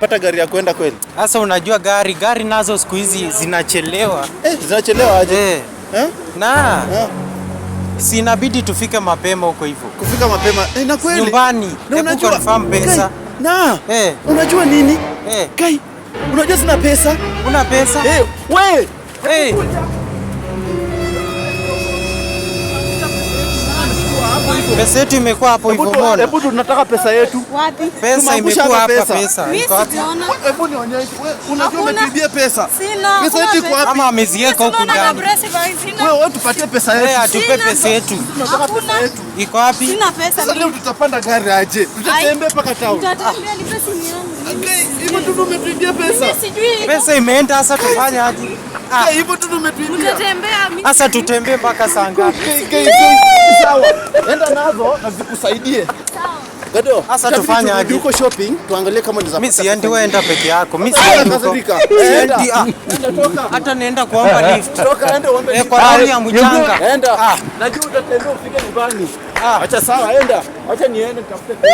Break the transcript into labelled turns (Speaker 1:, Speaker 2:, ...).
Speaker 1: Pata gari ya kwenda kweli.
Speaker 2: Sasa unajua gari gari nazo siku hizi zinachelewa.
Speaker 1: Eh, zinachelewa
Speaker 2: aje? Eh. Eh? Na. Eh. Si inabidi tufike mapema huko hivyo.
Speaker 1: Kufika mapema. Eh, na kweli.
Speaker 2: Nyumbani. Na unajua confirm pesa.
Speaker 1: Na. Eh. Unajua nini? Eh. Kai. Unajua sina pesa. Una pesa? Eh, wewe.
Speaker 2: Eh. Pesa yetu imekuwa hapo hivyo mbona?
Speaker 1: Hebu tunataka pesa yetu. Wapi?
Speaker 2: Pesa imekuwa hapa pesa. Iko wapi?
Speaker 1: Hebu nionyeshe. Unajua umetibia pesa. Pesa yetu iko wapi?
Speaker 2: Ama ameziweka huko ndani
Speaker 1: wewe tupatie pesa yetu.
Speaker 2: Wewe atupe pesa yetu.
Speaker 1: Tunataka pesa yetu. Iko wapi? Sina pesa. Sasa leo tutapanda gari aje? Tutatembea mpaka town.
Speaker 3: Tutatembea ni pesa ni
Speaker 1: yangu. Hivyo tu tumetuibia pesa.
Speaker 2: Pesa imeenda sasa tufanye aje?
Speaker 1: Ah, hivyo tu tumetuibia.
Speaker 3: Tutatembea mimi.
Speaker 2: Sasa tutembee mpaka saa ngapi?
Speaker 1: Sawa. Enda nazo na zikusaidie. Sawa. Gado, sasa tufanye aje? Yuko shopping, tuangalie kama ni za.
Speaker 2: Mimi siendi, wewe enda peke yako. Mimi
Speaker 1: ah, siendi huko. Ah. Enda. Ah. Toka.
Speaker 2: Hata nienda kuomba lift.
Speaker 1: Toka, enda uombe.
Speaker 2: Eh, kwa hali ya mjanga?
Speaker 1: Enda. Najua utatembea ufike nyumbani. Acha sawa, enda. Acha niende nitafute.